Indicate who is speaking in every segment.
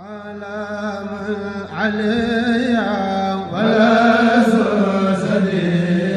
Speaker 1: على من علي ولا زوزني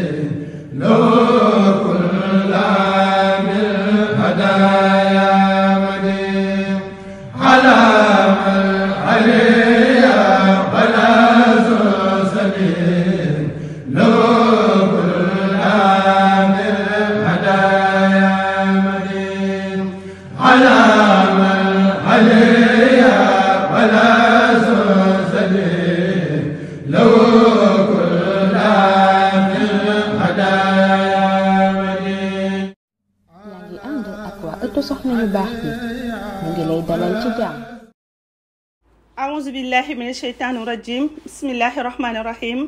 Speaker 1: الشيطان الرجيم بسم الله الرحمن الرحيم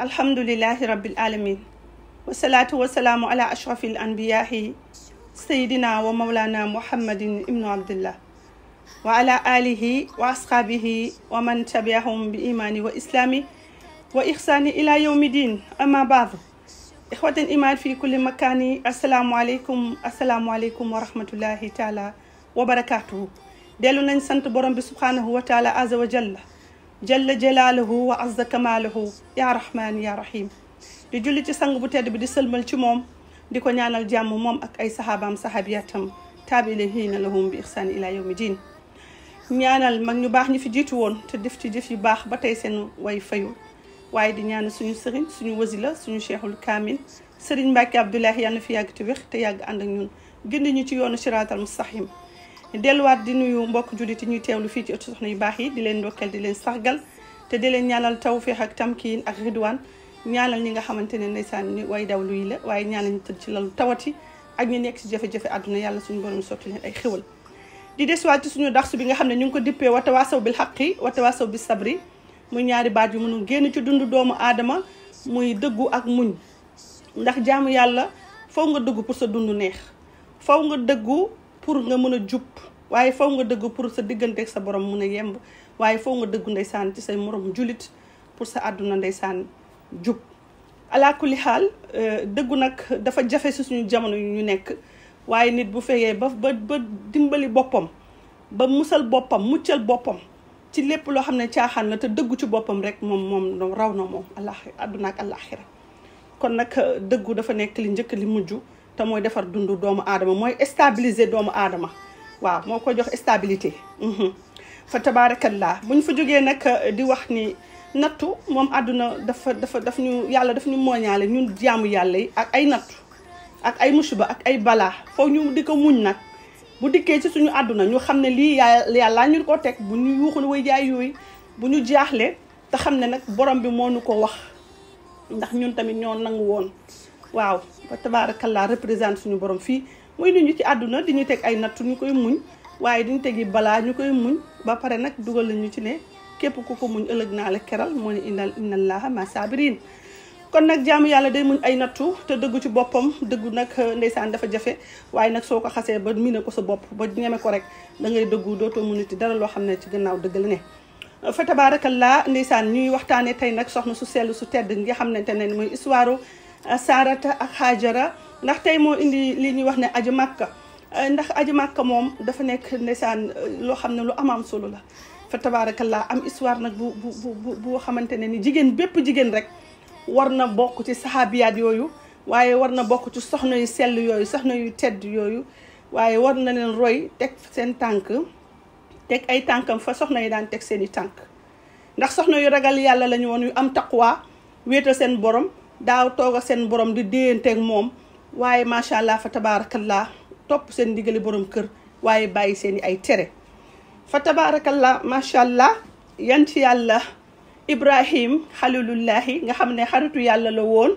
Speaker 1: الحمد لله رب العالمين والصلاة والسلام على أشرف الأنبياء سيدنا ومولانا محمد بن عبد الله وعلى آله وأصحابه ومن تبعهم بإيمان وإسلام وإحسان إلى يوم الدين أما بعض إخوة الإيمان في كل مكان السلام عليكم السلام عليكم ورحمة الله تعالى وبركاته barakaatuhu dellu nañ sant borom bi subhaanahu wa taala azza jalla jalaaluhu wa azza kamaaluhu yaa rahmaan yaa rahim di julli ci sang bu tedd bi di sëlmal ci moom di ko ñaanal jàmm moom ak ay saxaabaam saxaabiyatam taabi'iina lahum bi ihsaan ila yawmi diin ñaanal mag ñu baax ñi fi jiitu woon te def ci jëf yu baax ba tey seen way fayu waaye di ñaanal suñu sëriñ suñu wasila suñu cheikhul kaamil sëriñ Mbàkke Abdoulaye yàlla na fi yàgg te wér te yàgg ànd ak ñun gindi ñu ci yoonu siraatal mustaqim delluwaat di nuyu mbokk jullit yi ñuy lu fii ci ëttu soxna yu baax yi di leen ndokkeel di leen sargal te di leen ñaanal taw tawféex ak tamkiin ak ridwaan ñaanal ñi nga xamante ne ndeysaan ni way daw luy la waaye ñaanal ñu tëdd ci lalu tawati ak ñu nekk ci jafe-jafe àdduna yàlla suñu borom sotti leen ay xéwal di desuwaat ci suñu daxsu bi nga xam ne ñu ngi ko dippee watawaasaw bil xaqi watawaasaw bi sabri muy ñaari baat yu mënul génn ci dund doomu aadama muy dëggu ak muñ ndax yàlla faw nga dëggu pour sa dund neex faw nga dëggu pour nga mën a jub waaye faw nga dëgg pour sa diggante ak sa borom mun a yemb waaye faw nga dëggu ndeysaan ci say morom julit pour sa àdduna ndeysaan jub alaakuli xaal euh, dëggu nag dafa jafe si suñu jamono yu ñu nekk waaye nit bu fekkee ba ba dimbali boppam ba musal boppam muccal boppam ci lépp loo xam ne caaxaan la te dëggu ci boppam rek moom moom raw na moom allah àdduna ak kon nag euh, dëggu dafa nekk li njëkk li mujj te mooy defar dundu doomu aadama mooy stabiliser doomu aadama waaw moo ko jox estabilité mhm. fa tabaarakallaa bu ñu fa jógee nag eh, di wax ni nattu moom àdduna dafa dafa daf ñu yàlla daf ñu mooñaale ñun jaamu yàlla yi ak ay nattu ak ay musiba ak ay balaa foofu ñu di ko muñ nag bu dikkee ci suñu àdduna ñu xam ne lii yàlla ñu ko teg bu ñu yuuxu way jaay yooyu bu ñu jaaxle te xam ne nag borom bi moo nu ko wax ndax ñun tamit ñoo nangu woon waaw ba tabaarakallaa représente suñu borom fii muy lu ñu ci àdduna di ñu teg ay nattu ñu koy muñ waaye diñu tegi balaa ñu koy muñ ba pare nag dugal lañu ci ne képp ku ko muñ ëllëg naa la keral moo ne inna innallaaha ma saabiriin kon nag jaamu yàlla day muñ ay nattu te dëggu ci boppam dëggu nag ndeysaan dafa jafe waaye nag soo ko xasee ba miine ko sa bopp ba ñeme ko rek da ngay dëggu dootoo muniti dara loo xam ne ci gannaaw dëgg la ne fa tabaarakallaa ndeysaan ñuy waxtaane tey nag soxna su sell su tedd nga xamante saarata ak xaajara ndax tey moo indi lii ñuy wax ne aju màkka eh, ndax aju màkka moom dafa nekk ndeysaan eh, loo xam ne lu amaam solo la fa tabaarakallaa am histoire nag bu bu bu bu xamante ne ni jigéen bépp jigéen rek war na bokk ci saxaabiyaat yooyu waaye war na bokk ci soxna yu sell yooyu soxna yu tedd yooyu waaye war na leen roy teg seen tànk teg ay tànkam fa soxna yi daan teg seen i tànk ndax soxna yu ragal yàlla lañu woon yu am taqwa wéetal seen borom daaw toog seen borom di déyanteeg moom waaye macha allah fa tabaarakallaa topp seen ndigali borom kër waaye bàyyi seen i ay tere fa tabaarakallaa macha allah yan ci yàlla Ibrahim xalilullahi nga xam ne xaritu yàlla la woon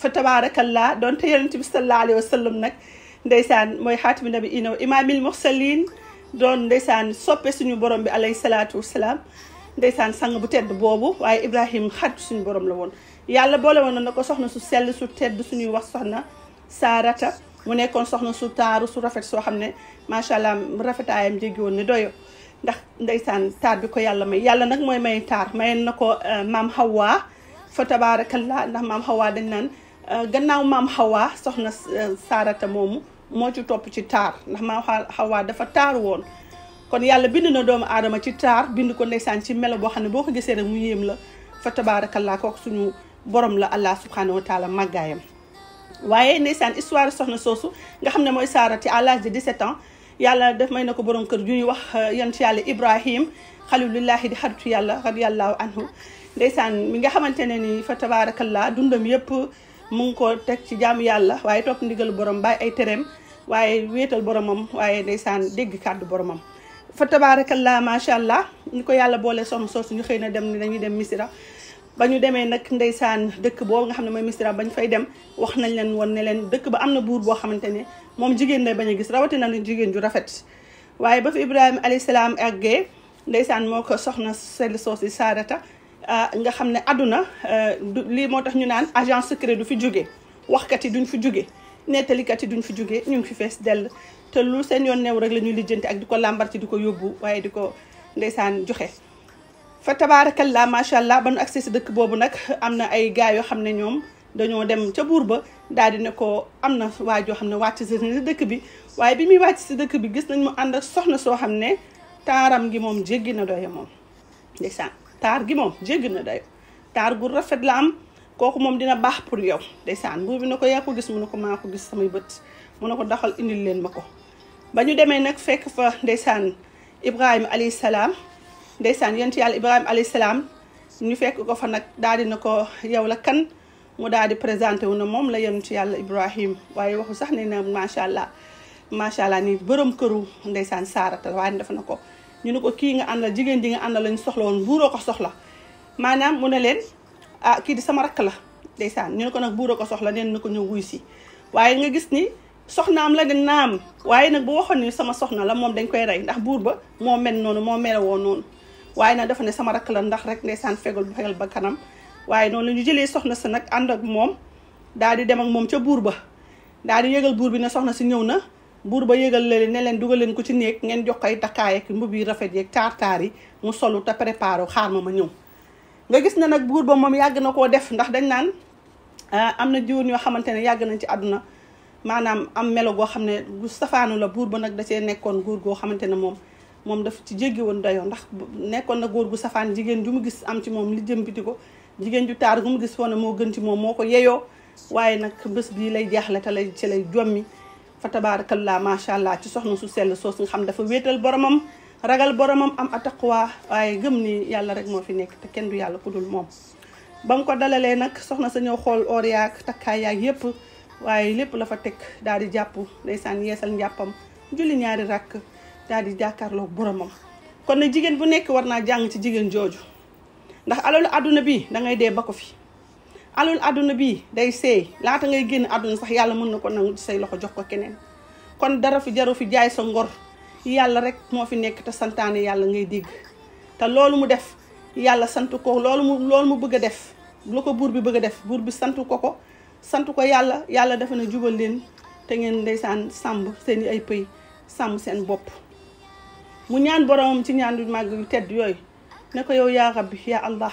Speaker 1: fa tabaarakallaa donte yonent bi sallallahu alayhi wa sallam nag ndeysaan mooy xaatimi nabi inaw imaamil mursalin doon ndeysaan soppe suñu borom bi alayhi salaatu wasalaam ndeysaan sang bu tedd boobu waaye Ibrahim xaritu suñu borom la woon yàlla boole woon na ko soxna su sell su tedd suñuy wax soxna Saarata mu nekkoon soxna su taaru su rafet soo xam ne macha allah rafetaayam jéggi woon ne doyo ndax ndeysaan taar bi ko yàlla may yàlla nag mooy may taar mayen na ko euh, maam Hawa fa tabaarakallaa ndax maam xawaa dañ naan euh, gannaaw maam Hawa soxna euh, Saarata moomu moo ci topp ci taar ndax maam xawaa dafa taar woon. kon yàlla bind na doomu aadama ci taar bind ko ndeysaan ci melo boo xam ne boo ko gisee rek mu yéem la fa tabaarakallaa kooku suñu. borom la allah subhanahu wa taala magayam waye neesane histoire soxna sosu nga xamne moy mooy Saara ci à l'âge de 17 ans yàlla def may nako borom keur juñu wax yent yàlla Ibrahim khalilullah di xaritu yàlla radiyallahu anhu ndeysaan mi nga xamantene ni fa tabarakallah dundam yep mu ngi ko tek ci jamm yàlla waye top ndigal borom bay ay terem waye wetal boromam waye ndeysaan deg kàddu boromam. fa ma sha allah ñu ko yàlla bolé som soosu ñu xeyna dem ni dañuy dem misira ba ñu demee nag ndeysaan dëkk boobu nga xam ne mooy Missirah bañ fay dem wax nañ leen woon ne leen dëkk ba am na buur boo xamante ne moom jigéen lay bañ gis rawatina na jigéen ju rafet waaye ba fi Ibrahima alayhi salaam àggee ndeysaan moo ko soxna sell soos yi saarata ah, nga xam ne àdduna eh, lii moo tax ñu naan agent secret du fi jóge waxkat yi duñ fi jóge nettalikat yi duñ fi jóge ñu ngi fi fees dell te lu seen yoon new rek la ñuy lijjanti ak di ko làmbar ci di ko yóbbu waaye di ko ndeysaan joxe fa tabaarakallaa macha allah ba nu agsee si dëkk boobu nag am na ay gars yoo xam ne ñoom dañoo dem ca buur ba daal di ne ko am na waa joo xam ne wàcc si dëkk bi waaye bi muy wàcc si dëkk bi gis nañ mu ànd ak soxna soo xam ne taaram ngi moom jéggi na doyo moom ndeysaan taar gi moom jéggi na doyo taar gu rafet la am kooku moom dina baax pour yow ndeysaan buur bi ne ko yaa ko gis mu ne ko maa ko gis samay bët mu ne ko doxal indil leen ma ko ba ñu demee nag fekk fa ndeysaan Ibrahima alayhi salaam ndeysaan yonent yàlla Ibrahima alayhi salaam ñu fekk ko fa nag daal di na ko yow la kan mu daal di présenté wu na moom la yonent yàlla Ibrahim waaye waxu sax ne na macha allah macha allah ni bërëm këru ndeysaan saaratal waaye dafa na ko ñu ne ko kii nga jigéen ji nga àndal lañ soxla woon buuroo ko soxla maanaam mu ne leen ah kii di sama rakk la ndeysaan ñu ko nag buuroo ko soxla neen na ko ñëw wuy si waaye nga gis ni soxnaam la de naam waaye nag bu waxoon ni sama soxna la moom dañ koy rey ndax buur ba moo mel noonu moo mel woon noonu waaye nag dafa ne sama rakk la ndax rek ndeysaan fegal bu fegal ba kanam waaye noonu la ñu jëlee soxna sa nag ànd ak moom daal di dem ak moom ca buur ba daal di yëgal buur bi ne soxna si ñëw na buur ba yëgal leen ne leen dugal leen ko ci néeg ngeen jox koy takkaay ak mbub yi rafet yeeg taar-taar yi mu solu te préparé xaar ma ma ñëw nga gis na nag buur ba moom yàgg na koo def ndax dañ naan ah, am na jiwoon yoo xamante ne yàgg nañ ci àdduna maanaam am melo goo xam ne gu safaanu la buur ba nag da cee nekkoon góor goo xamante ne moom moom daf ci jéggi woon dayoo ndax nekkoon na góor gu safaan jigéen ju mu gis am ci moom li jëmbiti ko jigéen ju taar gu mu gis woon moo gën ci moom moo ko yeyoo waaye nag bés bii lay jaaxle te lay ci lay jommi fa tabaarakallaa macha allah ci soxna su sell soos nga xam dafa wéetal boromam ragal boromam am ataqwa waaye gëm ni yàlla rek moo fi nekk te kenn du yàlla ku dul moom ba mu ko dalalee nag soxna sa ñëw xool or yaag takkaay yaag yépp waaye lépp la fa teg daal di jàpp ndeysaan yeesal njàppam julli ñaari rakk daal di lo boromam kon nag jigéen bu nekk warna naa jàng ci jigéen jooju ndax adunabi, àdduna bi da ngay dee ba fi alul àdduna bi day seey laata ngay génn àdduna sax yàlla mën na ko nangu say loxo jox ko keneen kon dara fi jaru fi jaay sa ngor yàlla rek moo fi nekk te santaane yàlla ngay dégg te loolu mu def yàlla sant ko loolu mu loolu mu bëgg a def lu ko buur bi bëgg a def buur bi sant ko ko sant ko yàlla yàlla dafa na jubal leen te ngeen ndeysaan seen ay pëy sàmm seen bopp mu ñaan boromam ci ñaan yu màgg yu tedd yooyu ne ko yow yaa rabbi yaa allah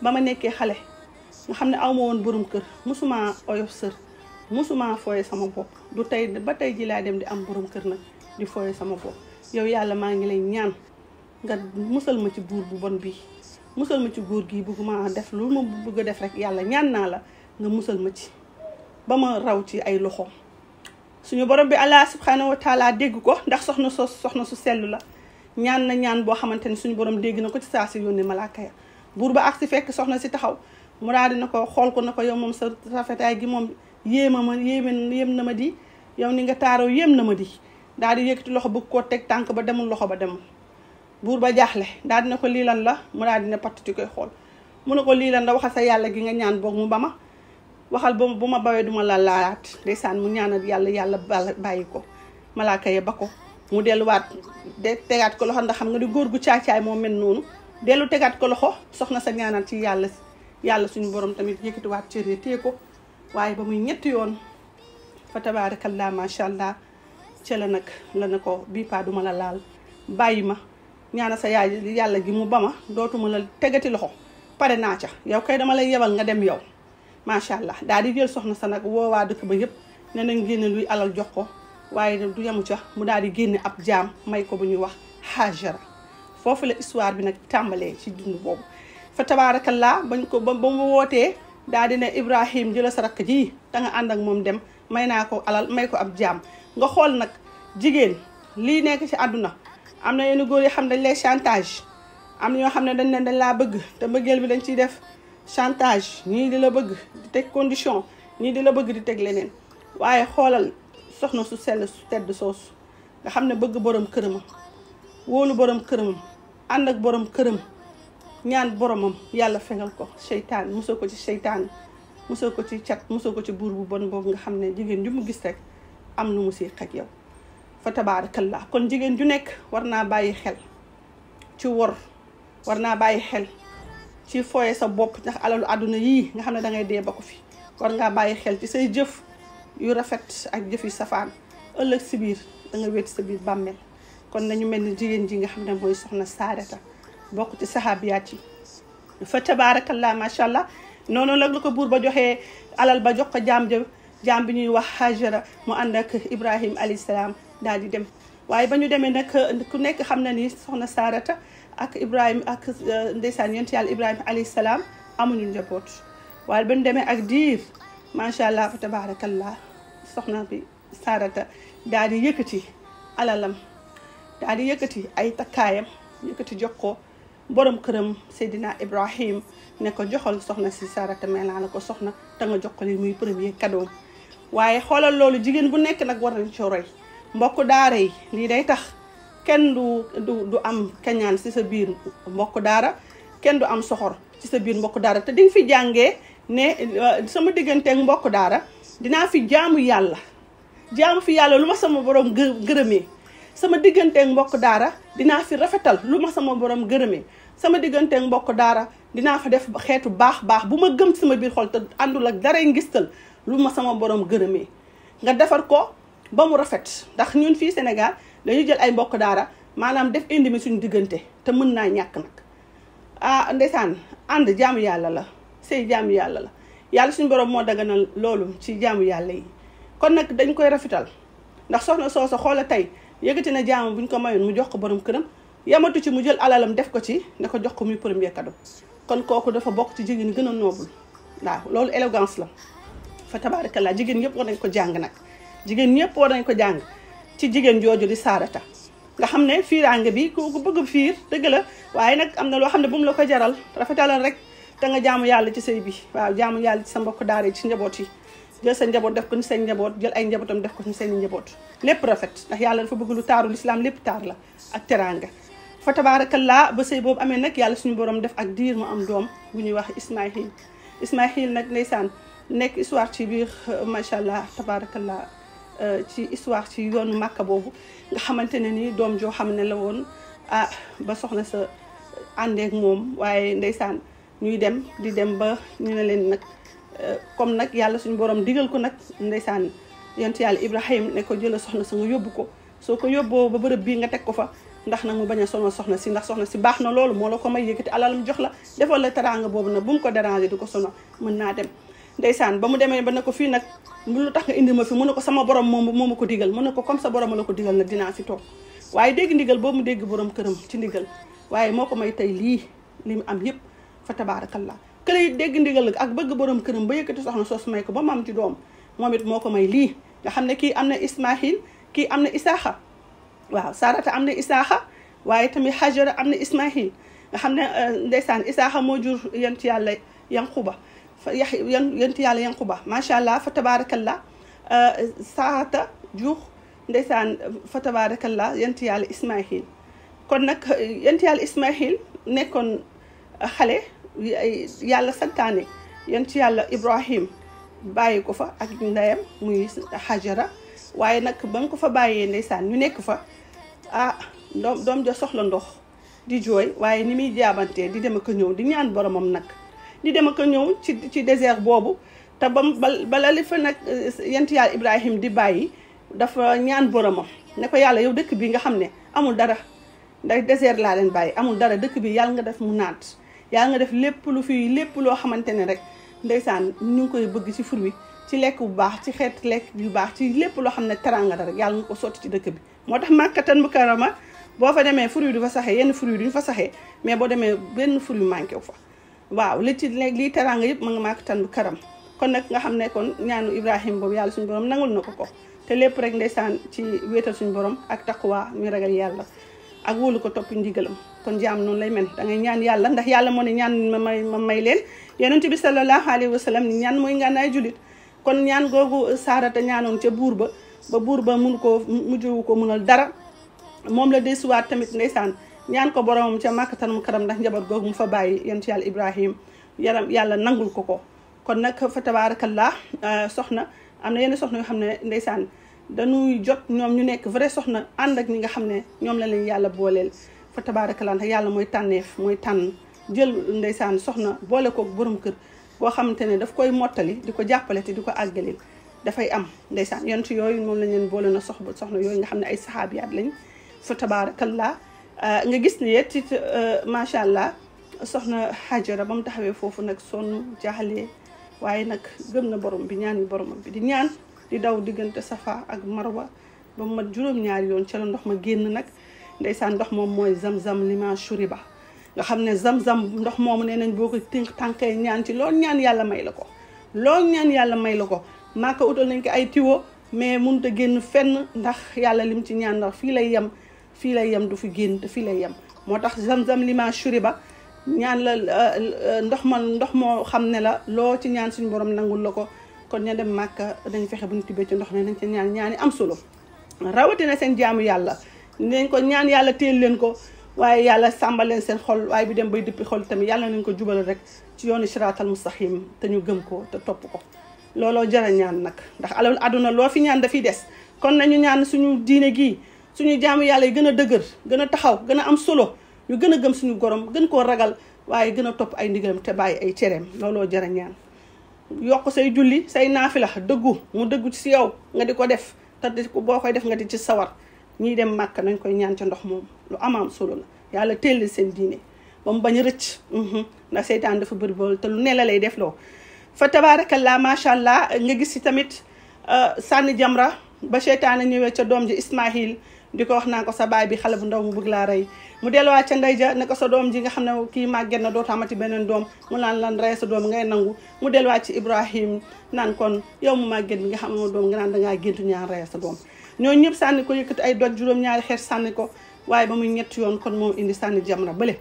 Speaker 1: ba ma nekkee xale nga xam ne aw woon borom kër mosuma oyof sër mosuma fooye sama bopp du tey ba tey ji laa dem di am borom kër nag di fooye sama bopp yow yàlla maa ngi lay ñaan nga musal ma ci buur bu bon bii musal ma ci góor gii bëgguma def lu ma bëgg a def rek yàlla ñaan naa la nga musal ma ci ba ma raw ci ay loxo suñu borom bi allah subhanahu wa taala dégg ko ndax soxna soo soxna su sell la ñaan na ñaan boo xamante ne suñu borom dégg na ko ci saa si yónni malaaka ya buur ba ak si fekk soxna si taxaw mu daal dina ko xool ko na ko yow moom sa rafetaay gi moom yéema ma yéeme na ma di yow ni nga taaroo yéem na ma di daal di yëkkati loxo bëgg koo teg tànk ba demul loxo ba demul buur ba jaaxle daal dina ko lii lan la mu daal dina patt xool mu ne ko lii lan sa yàlla gi nga ñaan boog mu ba ma waxal ba bu ma bawee duma la laalaat ndeysaan mu ñaanal yàlla yàlla bàyyi ko malaaka ya ba ko mu delluwaat de tegaat ko loxo ndax xam nga di góor gu caacaay moo mel noonu dellu tegaat ko loxo soxna sa ñaanal ci yàlla yàlla suñu borom tamit yëkkatiwaat cër ya téye ko waaye ba ñetti yoon fa tabaarakallaa macha allah ca nag la na ko bii paa duma la laal bàyyi ma ñaana sa yaay yàlla gi mu ba ma dootuma la tegati loxo pare naa ca yow kay dama lay yebal nga dem yow macha allah daal di jël soxna sa nag woowaa dëkk ba yëpp ne nañ génne luy alal jox ko waaye du yemu ca mu daal di génne ab jaam may ko bu ñuy wax Haajara foofu la histoire bi nag tàmbalee ci dund boobu fa tabaarakallaa bañ ko ba mu wootee daal di ne Ibrahim jëla sa rakk ji da nga ànd ak moom dem may naa ko alal may ko ab jaam nga xool nag jigéen lii nekk ci àdduna am na yenn góor yoo xam ne dañ lay chantage am na ñoo xam ne dañ leen dañ laa bëgg te mbëggeel bi dañ ciy def chantage ñii di la bëgg di teg condition ñii di la bëgg di teg leneen waaye xoolal soxna su sell su tedd soosu nga xam ne bëgg boroom këramam wóolu boroom këramam ànd ak boroom këram ñaan boromam yàlla fegal ko seytaan musal ko ci seytaan musal ko ci cat musal ko ci buur bu bon boobu nga xam ne jigéen ju mu gis rek am nu mu siy xaj yow fa tabaarakallaa kon jigéen ju nekk war naa bàyyi xel ci wor war naa bàyyi xel ci fooye sa bokk ndax alalu àdduna yi nga xam ne da ngay dee bokk fi war ngaa bàyyi xel ci say jëf yu rafet ak jëf yu safaan ëllëg si biir da nga wéeti sa biir bàmmeel kon nañu mel ni jigéen ji nga xam ne mooy soxna saadata bokk ci saxaabiyaat yi fa tabaarakallah macha allah noonu nag la ko buur ba joxee alal ba jox ko jaam ja jaam bi ñuy wax hajara mu ànd ak ibrahim alayhi salaam daal di dem waaye ba ñu demee ku nekk xam na ni soxna saadata ak Ibrahima ak euh, ndeysaan yonent yàlla Ibrahima alayhi salaam amuñu njaboot waaye ba ñu demee ak diir macha allah fa tabaarakallah soxna bi Sarata daal di yëkkati alalam daal di yëkkati ay takkaayam yëkkati jox ko borom këram Seydina Ibrahim ne ko joxal soxna si Sarata mel naa la ko soxna te nga jox ko li muy premier cadeau waaye xoolal loolu jigéen bu nekk nag war nañ ci mbokk daara yi lii day tax. kenn du du du am keñaan ci sa biir mbokk daara kenn du am soxor ci sa biir mbokk daara te di nga fi jàngee ne euh, sama digganteeg mbokk daara dinaa fi jaamu yàlla jaamu fi yàlla lu ma sama borom gërëmee sama digganteeg mbokk daara dinaa fi rafetal lu ma sama borom gërëmee sama digganteeg mbokk daara dinaa fa def xeetu baax baax bu ma gëm sama biir xol te àndul ak dara ngistal lu ma sama borom gërëmee nga defar ko ba mu rafet ndax ñun fii Sénégal dañuy jël ay mbokk daara maanaam def indi mi suñu diggante te mën naa ñàkk nag ah ndeysaan ànd jaamu yàlla la sey jaamu yàlla la yàlla suñ borom moo daganal loolu ci jaamu yàlla yi kon nag dañ koy rafetal ndax soxna soosa xoola tey yëgati na jaamu buñ ko mayoon mu jox ko borom këram yamatu ci mu jël alalam def ko ci ne ko jox ko muy premier cadeau kon kooku dafa bokk ci jigéen gën a noobul ndaa loolu élégance la fa tabaarkalla jigéen ñëpp nañ ko jàng nag jigéen ñëpp war nañ ko jàng ci jigéen jooju di saarata nga xam ne fiiraange bi ku bëgg fiir dëgg la waaye nag am na loo xam ne bu mu la ko jaral rafetalal rek te nga jaamu yàlla ci sëy bi waaw jaamu yàlla ci sa mbokk daara yi ci njaboot yi jël sa njaboot def ko ni seen njaboot jël ay njabootam def ko ni seen njaboot lépp rafet ndax yàlla fa bëgg lu taaru lislaam lépp taar la ak teraanga fa tabaarakallaa ba sëy boobu amee nag yàlla suñu borom def ak diir mu am doom bu ñuy wax Ismaahil Ismaahil nag ndeysaan nekk histoire ci biir macha allah tabaarakallaa Euh, ci histoire ci yoonu màkka boobu nga xamante ne ni doom joo xam ne la woon ah ba soxna sa àndeek moom waaye ndeysaan ñuy dem di dem ba ñu ne leen nag euh, comme nag yàlla suñu borom digal ko nag ndeysaan yonent yàlla Ibrahim ne ko jëla soxna sa nga yóbbu ko soo ko yóbboo ba bërëb bii nga teg ko fa ndax nag mu bañ a sonal soxna si ndax soxna si baax na loolu moo la ko may yëkkati mu jox la defal la teraanga boobu nag bu mu ko déranger di ko sonal mën naa dem ndeysaan lu tax indi ma fi mu ne ko sama borom moom moo ma ko digal mu ne ko comme sa borom la ko digal na dinaa fi toog waaye dégg ndigal boo mu dégg borom këram ci ndigal waaye moo ko may tey lii li mu am yëpp fa tabaarakallah kële dégg ndigal ak bëgg borom këram ba yëkkati soxna soos may ko ba mu am ci doom moom it moo ko may lii nga xam ne kii am na ismahil kii am na isaaxa waaw sarata am na isaaxa waaye tamit hajara am na ismahil nga xam ne euh, ndesaan isaaxa moo jur yent yàlla yanquba yonti yàlla yanquba macha allah fa tabarakallah saata juux ndeysaan fa tabarakallah yonti yàlla ismaahil kon nag yonti yàlla ismaahil nekkoon xale yàlla santaane yonti yàlla ibrahim bàyyi ko fa ak ndeyam muy hajara waaye nag ba nga ko fa bàyyee ndeysaan ñu nekk fa ah doom doom ja soxla ndox di jooy waaye ni muy jaabantee di dem ak ñëw di ñaan boromam nag di dem ak ñëw ci ci désert boobu te ba bam bala li fa nag eh, yent yàlla Ibrahim di bàyyi dafa ñaan boromam ne ko yàlla yow dëkk bi nga xam ne amul dara ndax désert laa leen bàyyi amul dara dëkk bi yàlla nga def mu naat yàlla nga def lépp lu fi lépp loo xamante ne rek ndeysaan ñu ngi koy bëgg ci fur wi ci lekk bu baax ci xeet lekk yu baax ci lépp loo xam ne teranga la yàlla nga ko sotti ci dëkk bi moo tax màkkatan mukarrama boo fa demee fur wi du fa saxee yenn fur wi fa saxee mais boo demee benn fur wi wu fa waaw li ci leg li teranga yep ma nga mak tan karam kon nak nga xamne ne kon ñaanu ibrahim bobu yalla suñu borom nangul nako ko te lepp rek ndeysaan ci suñu borom ak taqwa mi ragal yalla ak wóolu ko topp ndigalam kon jam non lay mel da ngay ñaan yalla ndax yalla mo ne ñaan ma may ma may leen bi sallallahu alayhi wasallam ni ñaan mooy julit kon ñaan googu saarata ñaanoon ci burba ba ba buur ba mun ko mujju ko munal dara mom la desuwaat tamit ñaan ko boromam ca màkkatal mu karam ndax njaboot googu mu fa bàyyi yonent yàlla ibrahim yaram yàlla nangul ko ko kon nag fa tabaarakallah soxna am na yenn soxna yoo xam ne dañuy jot ñoom ñu nekk vrai soxna ànd ak ñi nga xam ne la leen yàlla booleel fa tabaarakallah ndax yàlla mooy tànneef mooy tànn jël ndeysaan soxna boole kook borom kër boo xamante ne daf koy mottali di ko jàppale te di ko àggalil dafay am ndeysaan yonent yooyu moom lañ leen boole na sox soxna yooyu nga xam ay saxaabiyaat lañ fa tabaarakallah nga gis ni it ma sha allah soxna xajara bam taxawé fofu nak sonu sonn waye nak nag gëm na borom bi ñaan borom bi di ñaan di daw digënté safa ak marwa ba mu mat juroom ñaar yoon ci la ndox ma génn nak ndeysaan ndox mom moy zamzam lima shuriba nga xamné zamzam ndox mom né nañ boko tink tanké ñaan ci loolu ñaan yàlla may lako ko ñaan yàlla may lako maka maaka utal nañ ko ay tiwo mais mënut a génn fenn ndax yàlla lim ci ñaan ndax fi lay yam fii lay yem du fi génn te fii lay yem moo tax zam-zam li ma shuri ba ñaan la euh, euh, ndox ma ndox la ci ñaan suñu borom nangul kon ña dem màkka dañ fexe bu ñu tibbee ci ndox mi nañ ci ñaan ñaani am solo rawatina seen jaamu yàlla nañ ko ñaan yàlla teel leen ko waaye yàlla sàmbal leen seen xol waaye bi dem bay xol nañ ko jubal rek ci yoonu siraatal mustaqim te ñu gëm ko te topp ko looloo jara ñaan nak ndax alal aduna loo fi ñaan kon nañu ñaan suñu diine gi suñu jaamu yàlla yi gën a dëgër gën a taxaw gën a am solo ñu gën a gëm suñu gorom gën koo ragal waaye gën a topp ay ndigalam te bàyyi ay cereem looloo jara ñaan yokk say julli say naafi la dëggu mu dëggu ci yow nga di ko def te di ko boo koy def nga di ci sawar ñiy dem màkk nañ koy ñaan ca ndox moom lu am am solo la yàlla teel seen diine ba mu bañ a rëcc ndax seytaan dafa bëri bool te lu ne la lay def loo fa tabaraka allah macha allah nga gis si tamit sànni jamra ba seytaan a ñëwee ca doom ji ismahil di ko wax naa ko sa baay bi xale bu ndaw mu bëgg laa rey mu delluwaat ca ndey ja ne ko sa doom ji nga xam ne kii màgget na dootu amati beneen doom mu naan lan rey sa doom ngay nangu mu delluwaat ci Ibrahim naan kon yow mu màgget bi nga xam no doom nga naan dangaa géntu ñaan rey sa doom ñoo ñëpp sànni ko yëkkati ay doj juróom-ñaari xeet sànni ko waaye ba muy ñetti yoon kon moom indi sànni jam jamra bële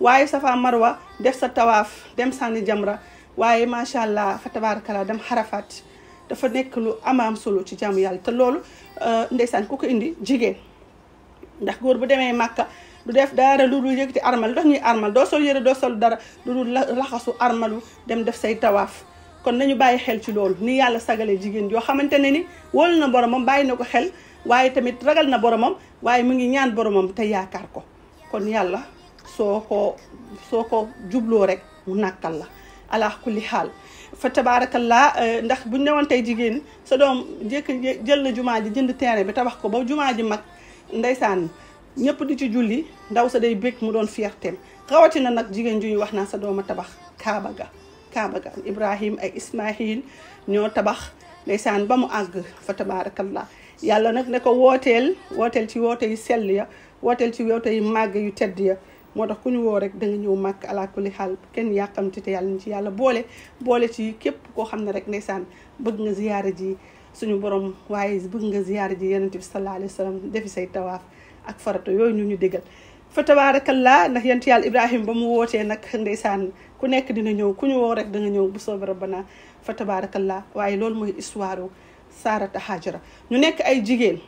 Speaker 1: waaye mar wa def sa tawaaf dem sànni jamra waaye macha allah fa tabaarakala dem xarafaat dafa nekk lu amaam solo ci jàmm yàlla te loolu euh, ndeysaan ku ko indi jigéen ndax góor bu demee màkka du def dara lu dul yëkkati armal dox ñuy armal doo sol yëre doo sol dara lu dul laxasu armalu dem def say tawaaf kon nañu bàyyi xel ci loolu ni yàlla sagalee jigéen yoo xamante ne ni wóolu na boromam bàyyi na ko xel waaye tamit ragal na boromam waaye mu ngi ñaan boromam te yaakaar ko kon yàlla soo ko soo ko jubloo rek mu nàkkal la ala kulli xaal fa tabaarakallaa ndax buñ newoon tey jigéen sa doom jëkk jël na jumaa ji jënd terrain bi tabax ko ba jumaa ji mag ndeysaan ñëpp di ci julli ndaw sa day bég mu doon fiertem rawatina nag jigéen ju ñuy wax naa sa dooma tabax kaaba ga kaaba ga ibrahim ay ismahil ñoo tabax ndeysaan ba mu àgg fa tabaarakallah yàlla nag ne ko wooteel wooteel ci woote yu sell ya wooteel ci woote yu màgg yu tedd ya moo tax ku ñu woo rek danga ñëw màkk ala kulli kenn yàkkamti te yàlla ci yàlla boole boole ci képp koo xam ne rek ndeysaan bëgg nga ziyaara ji suñu borom waaye bëgg nga ziyaara ji yonent bi sallallahu alayhi wa sallam say tawaaf ak farato yooyu ñu ñu digal fa tabaarakallaa ndax yent yàlla ibrahima ba mu wootee nag ndeysaan ku nekk dina ñëw ku ñu woo rek danga ñëw bu soobee rabbana fa tabaarakallaa waaye loolu mooy histoire Saarata Haajara ñu nekk ay jigéen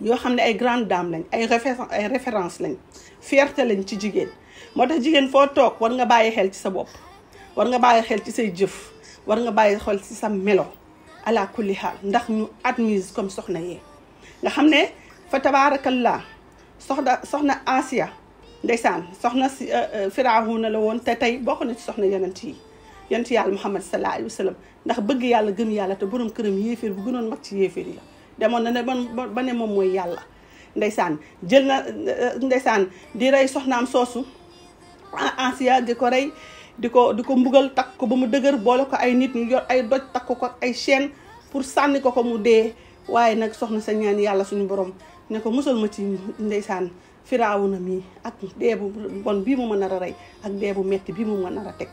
Speaker 1: yoo xam ne ay grande dame lañ ay ay référence lañ fierté lañ ci jigéen moo tax jigéen foo toog war nga bàyyi xel ci sa bopp war nga bàyyi xel ci say jëf war nga bàyyi xel ci sa melo ala kulli hal ndax ñu admise comme soxna yee nga xamne fa tabarakallah soxna soxna Asiya ndeysaan soxna firahuna la won te tay bokku na ci soxna yonenti yonenti yàlla Muhammad sallallahu alayhi wasallam ndax bëgg yàlla gëm yàlla te borom kërëm yéfer bu gënon mak ci yéfer yi la demon na ne ba ne moom mooy yàlla ndeysaan jël na ndeysaan di ray soxnam sosu Asiya di ko ray di ko di ko mbugal takk ko ba mu dëgër boole ko ay nit ñu yor ay doj takk ko ak ay chaîne pour sànni ko ko mu dee waaye nag soxna sa ñaan yàlla suñu borom ne ko musal ma ci ndeysaan firaawu na mii ak dee bu bon bii mu ma nar a rey ak dee bu metti bii mu ma nar a teg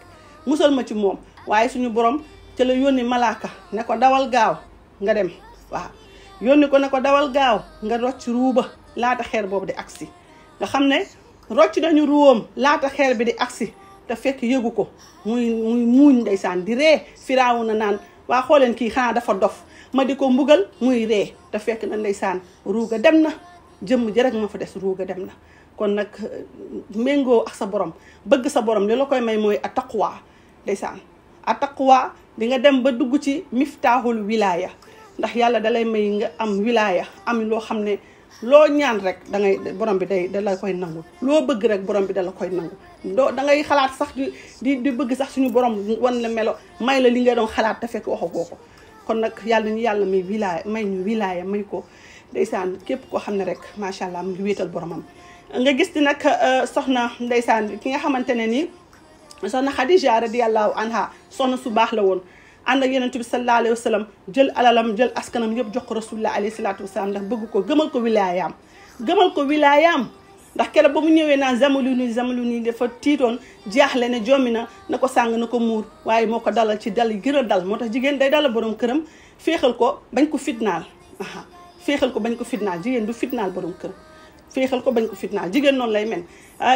Speaker 1: musal ma ci moom waaye suñu borom ca la yónni malaaka ne ko dawal gaaw nga dem waaw yónni ko ne ko dawal gaaw nga rocc ruuba laata xeer boobu di agsi nga xam ne rocc nañu ruwam laata xeer bi di agsi te fekk yëgu ko muy muy muuñ ndeysaan di ree firaawu na naan waa xooleen kii xanaa dafa dof ma di ko mbugal muy ree da fekk na ndeysaan ruuga dem na jëmm ji rek ma fa des ruuga dem na kon nag euh, méngoo ak sa borom bëgg sa borom li la koy may mooy attaqwa ndeysaan attaqwa di nga dem ba dugg ci miftaaxul wilaaya ndax yàlla dalay may nga am wilaaya am loo xam ne loo ñaan rek da ngay borom bi day da la koy nangu loo bëgg rek borom bi da la koy nangu doo da ngay xalaat sax di di bëgg sax suñu borom wan la melo may la li doon xalaat te fekk waxu koo ko kon nag yàlla ñu yàlla may wilaaya may ñu wilaaya may ko ndeysaan képp koo xam ne rek macha allah mu ngi wéetal boromam. nga gis di nag euh, soxna ndeysaan ki nga xamante ne nii soxna Khadija radiyallahu anha soxna su baax la woon. ànd ak yonent bi sallallahu alayhi wa sallam jël alalam jël askanam yëpp jox ko rasulullah alayhi salaatu wa salaam ndax bëgg ko gëmal ko wilaayaam gëmal ko wilaayaam. ndax keroog ba mu ñëwee naa zamalu nii zamalu nii dafa jeex la ne jomina nako sàng nako mur waye moko dalal ci dal yi dal motax jigen day dal borom kërëm fexal ko bañ ko fitnal aha féexal ko bañ ko fitnal jigen du fitnal borom këram fexal ko bañ ko fitnal jigen non lay mel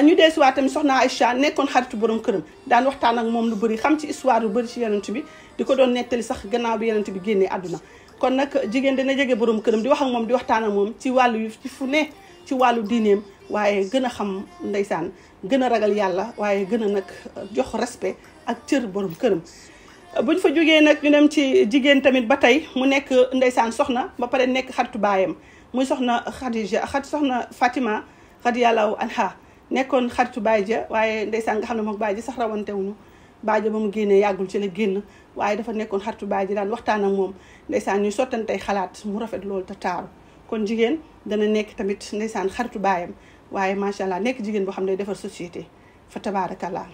Speaker 1: ñu dee wa tam soxna Aïcha nekkon xaritu borom kërëm daan waxtaan ak mom lu bëri xam ci histoire lu bëri ci yëneent bi diko doon nettali sax gannaaw bi yëneent bi génné aduna kon nak jigen dina jege borom kërëm di wax ak mom di waxtaan ak mom ci walu yu ci fu ne ci walu diineem waaye gën a xam ndeysaan gën a ragal yàlla waaye gën a nag jox respect ak cër borom këram buñ fa jógee nag ñu dem ci jigéen tamit ba tey mu nekk ndeysaan soxna ba pare nekk xaritu baayam muy soxna Khadija xat soxna Fatima radiyallahu anha nekkoon xaritu baay ja waaye ndeysaan nga xam ne moom baay ji sax rawante wuñu baay ja ba mu génnee yàggul ci la génn waaye dafa nekkoon xaritu baay daan waxtaan ak moom ndeysaan ñuy sottantey xalaat mu rafet loolu te taaru kon jigéen dana nekk tamit ndeysaan xaritu baayam waaye macha allah nekk jigéen boo xam ne defar société fa tabaarakallaa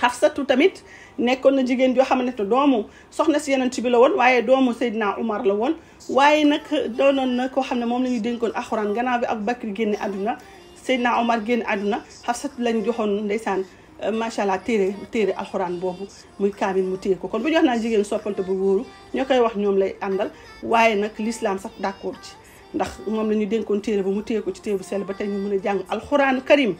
Speaker 1: xafsatu tamit nekkoon na jigéen joo xamante doomu soxna si yeneen ci bi la woon waaye doomu Seydina Umar la woon waaye nag doonoon na koo xam ne moom la ñu dénkoon alxuraan gannaaw bi ak Bakri génne àdduna Seydina Umar génne àdduna xafsatu lañ joxoon ndeysaan macha allah téere téere alxuraan boobu muy kaamil mu téye ko kon bu jox naa jigéen soppante bu wóoru ñoo koy wax ñoom lay àndal waaye nag l'islam sax d'accord ci ndax moom la ñu dénkoon téere ba mu téye ko ci téere bu sell ba tey ñu mun a jàng alxuraan karim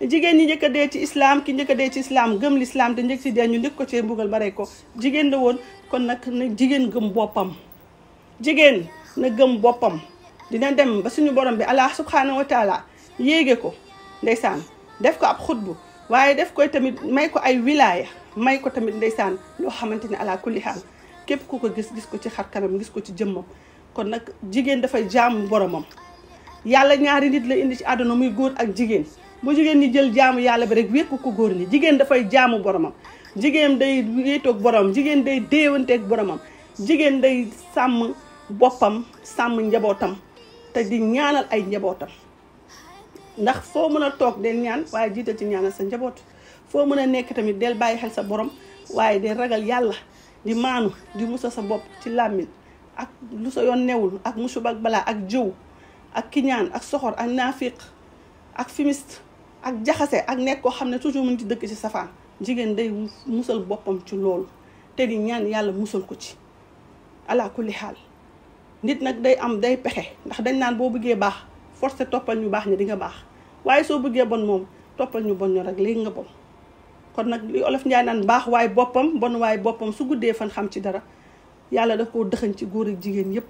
Speaker 1: jigéen ñi njëkk dee ci islaam ki njëkk dee ci islam gëm l'islam da njëkk si dee ñu njëkk ko cee mbugal ba rey ko jigéen la woon kon nag na jigéen gëm boppam jigéen na gëm boppam dina dem ba suñu borom bi allah subhanahu wa taala yéege ko ndeysaan def ko ab xutbu waaye def koy tamit may ko ay wilaaya may ko tamit ndeysaan loo xamante ni ala kulli haal képp ku ko gis gis ko ci xar kanam gis ko ci jëmmam kon nag jigéen dafay jaamu boromam yàlla ñaari nit la indi ci àdduna muy góor ak jigéen bu jigéen ñi jël jaamu yàlla bi rek wékk ko góor ni jigéen dafay jaamu boromam jigéen day wéetoog boromam jigéen day déewanteeg boromam jigéen day sàmm boppam sàmm njabootam te di ñaanal ay njabootam ndax foo mën a toog del ñaan waaye jiital ci ñaanal sa njaboot foo mën a nekk tamit del bàyyi xel sa borom waaye del ragal yàlla di maanu di musal sa bopp ci làmmiñ ak lu sa yoon newul ak musub ak balaa ak jëw ak kiñaan ak soxor ak naafiq ak fumiste ak jaxase ak nekk koo xam ne toujours mu ngi ci dëkk ci safaan jigéen day musal boppam ci loolu te di ñaan yàlla musal ko ci ala kulli xaal nit nag day am day pexe ndax dañ naan boo bëggee baax forcé toppal ñu baax ñi di nga baax waaye soo bëggee bon moom toppal ñu bon ñu rek léegi nga bon kon nag li olof njaay naan baax waaye boppam bon waaye boppam su guddee fan xam ci dara yàlla daf koo dëxañ ci góor ak jigéen yépp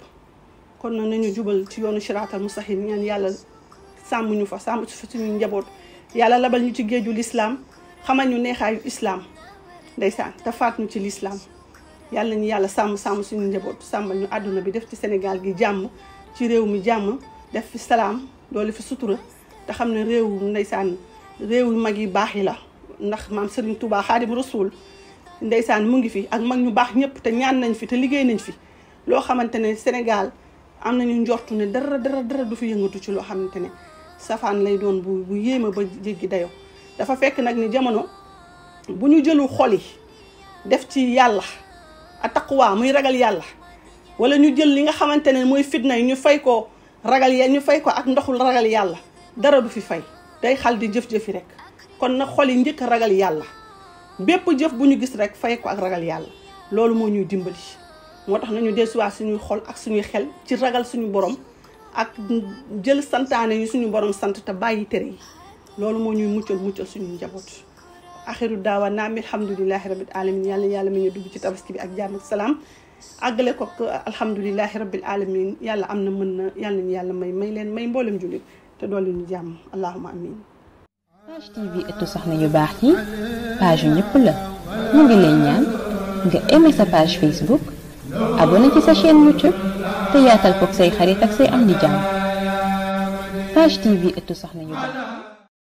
Speaker 1: kon nag nañu jubal ci yoonu siraatal mustaqim ñaan yàlla sàmm ñu fa sàmm ci suñu njaboot yàlla labal ñu ci géeju lislaam xamal ñu neexaayu islaam ndeysaan te faat ci lislaam yàlla ñu yàlla sàmm sàmm suñu njaboot sàmmal ñu àdduna bi def ci Sénégal gi jàmm ci réew mi jàmm def fi salaam loolu fi sutura te xam ne réew ndeysaan réew mag yi baax yi la ndax maam Serigne Touba Xaadimu Rasuul ndeysaan mu ngi fi ak mag ñu bax ñëpp te ñaan nañ fi te liggéey nañ fi loo xamantene Sénégal am nañu njortu ne dara dara dara du fi yëngatu ci loo xamantene ne safaan lay doon bu bu yéeme ba jéggi dayo dafa fekk nag ni jamono bu ñu jëlu xol yi def ci yàlla a taqwa muy ragal yàlla wala ñu jël li nga xamantene ne mooy fitna yi ñu fay ko ragal ya ñu fay ko ak ndoxul ragal yàlla dara du fi fay day xal di jëf-jëfi rek kon na xol yi njëkk ragal yàlla bépp jëf bu ñu gis rek fay ko ak ragal yàlla loolu moo ñuy dimbali moo tax nañu desuwaat suñuy xol ak suñuy xel ci ragal suñu borom ak jël santaane yi suñu borom sant te bàyyi tere yi loolu moo ñuy muccal muccal suñu njaboot axiru daawa naam alhamdulilahi rabil alamin yàlla yàlla mi ñu dugg ci tabaski bi ak jàmm ak salaam àggale ko alhamdulilahi rabil alamin yàlla am na mën na yàlla ñu yàlla may may leen may mboolem julit te doolu ñu jàmm allahuma amin Page TV ëttu soxna yu baax yi page yu ñëpp la mu ngi lay ñaan nga aimé sa page Facebook abonné sa chaîne YouTube te yaatal say xarit ak say am di jàmm Page TV ëttu soxna yu baax